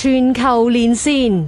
全球連線，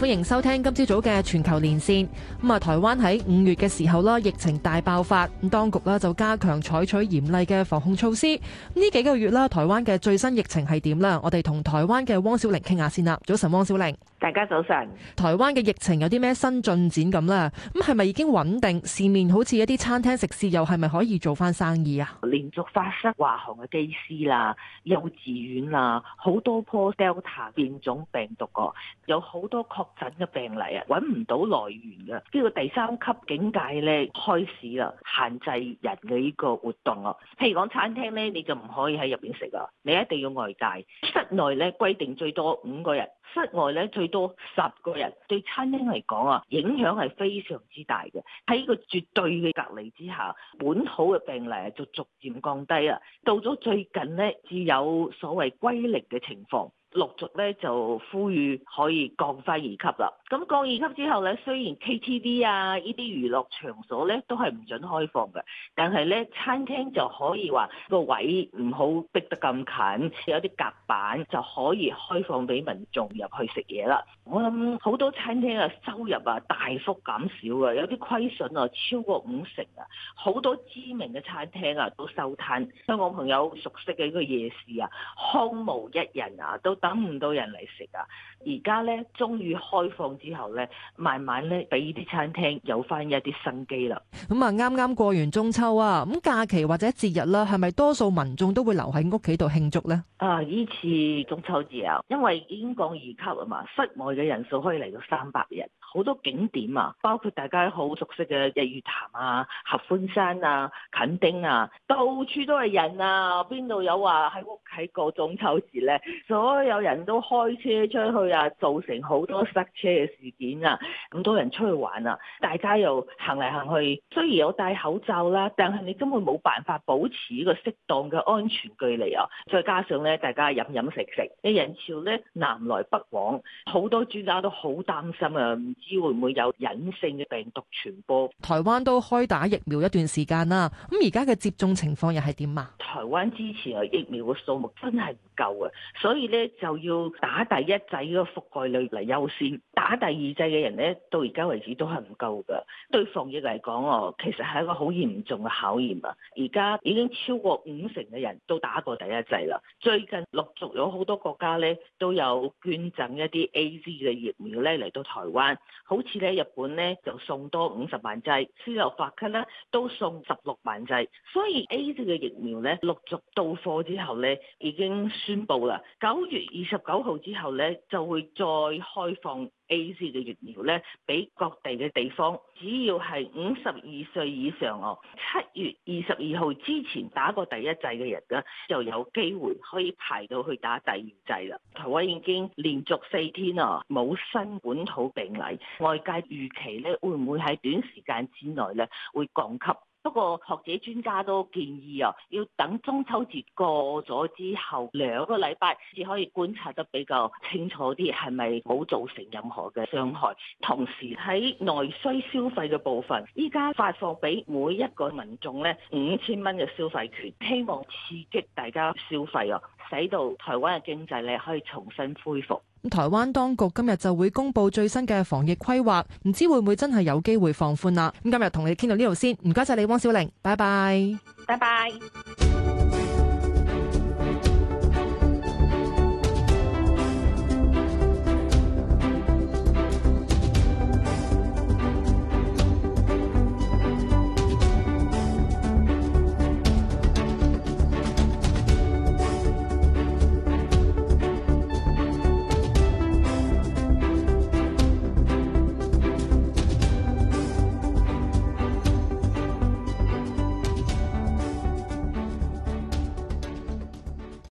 歡迎收聽今朝早嘅全球連線。咁啊，台灣喺五月嘅時候咧，疫情大爆發，咁當局咧就加強採取嚴厲嘅防控措施。呢幾個月咧，台灣嘅最新疫情係點咧？我哋同台灣嘅汪小玲傾下先啦。早晨，汪小玲。大家早晨，台灣嘅疫情有啲咩新進展咁咧？咁係咪已經穩定？市面好似一啲餐廳食肆又係咪可以做翻生意啊？連續發生華航嘅機師啦、幼稚園啦，好多破 Delta 變種病毒噶，有好多確診嘅病例啊，揾唔到來源噶。呢個第三級警戒咧開始啦，限制人嘅呢個活動咯。譬如講餐廳咧，你就唔可以喺入邊食啊，你一定要外帶。室內咧規定最多五個人。室外咧最多十個人，對餐廳嚟講啊，影響係非常之大嘅。喺個絕對嘅隔離之下，本土嘅病例就逐漸降低啊。到咗最近呢，至有所謂歸零嘅情況。陸續咧就呼籲可以降翻二級啦。咁降二級之後咧，雖然 KTV 啊呢啲娛樂場所咧都係唔準開放嘅，但係咧餐廳就可以話個位唔好逼得咁近，有啲隔板就可以開放俾民眾入去食嘢啦。我諗好多餐廳啊收入啊大幅減少啊，有啲虧損啊超過五成啊，好多知名嘅餐廳啊都收攤。香港朋友熟悉嘅呢個夜市啊，空無一人啊，都～等唔到人嚟食啊！而家呢，終於開放之後呢，慢慢呢，俾啲餐廳有翻一啲生機啦。咁啊、嗯，啱啱過完中秋啊，咁、嗯、假期或者節日啦、啊，係咪多數民眾都會留喺屋企度慶祝呢？啊，呢次中秋節啊，因為已經降二級啊嘛，室外嘅人數可以嚟到三百人，好多景點啊，包括大家好熟悉嘅日月潭啊、合歡山啊、墾丁啊，到處都係人啊，邊度有話、啊、喺屋？喺個中秋節咧，所有人都開車出去啊，造成好多塞車嘅事件啊，咁多人出去玩啊，大家又行嚟行去，雖然有戴口罩啦，但係你根本冇辦法保持呢個適當嘅安全距離啊！再加上咧，大家飲飲食食，人潮咧南來北往，好多專家都好擔心啊，唔知會唔會有隱性嘅病毒傳播。台灣都開打疫苗一段時間啦，咁而家嘅接種情況又係點啊？台灣之前嘅疫苗嘅數真係唔夠啊！所以咧就要打第一劑嘅覆蓋率嚟優先打第二劑嘅人咧，到而家為止都係唔夠㗎。對防疫嚟講，啊其實係一個好嚴重嘅考驗啊！而家已經超過五成嘅人都打過第一劑啦。最近陸續有好多國家咧都有捐贈一啲 AZ 嘅疫苗咧嚟到台灣，好似咧日本咧就送多五十萬劑，斯洛伐克咧都送十六萬劑，所以 AZ 嘅疫苗咧陸續到貨之後咧。已經宣布啦，九月二十九號之後咧，就會再開放 AZ 嘅疫苗咧，俾各地嘅地方，只要係五十二歲以上哦、啊，七月二十二號之前打過第一劑嘅人咧，就有機會可以排到去打第二劑啦。台灣已經連續四天啊，冇新本土病例，外界預期咧，會唔會喺短時間之內咧，會降級？不過學者專家都建議啊，要等中秋節過咗之後兩個禮拜，至可以觀察得比較清楚啲，係咪冇造成任何嘅傷害。同時喺內需消費嘅部分，依家發放俾每一個民眾咧五千蚊嘅消費券，希望刺激大家消費啊！使到台灣嘅經濟咧可以重新恢復。咁台灣當局今日就會公布最新嘅防疫規劃，唔知會唔會真係有機會放寬啦？咁今日同你傾到呢度先，唔該晒你，汪小玲，拜拜，拜拜。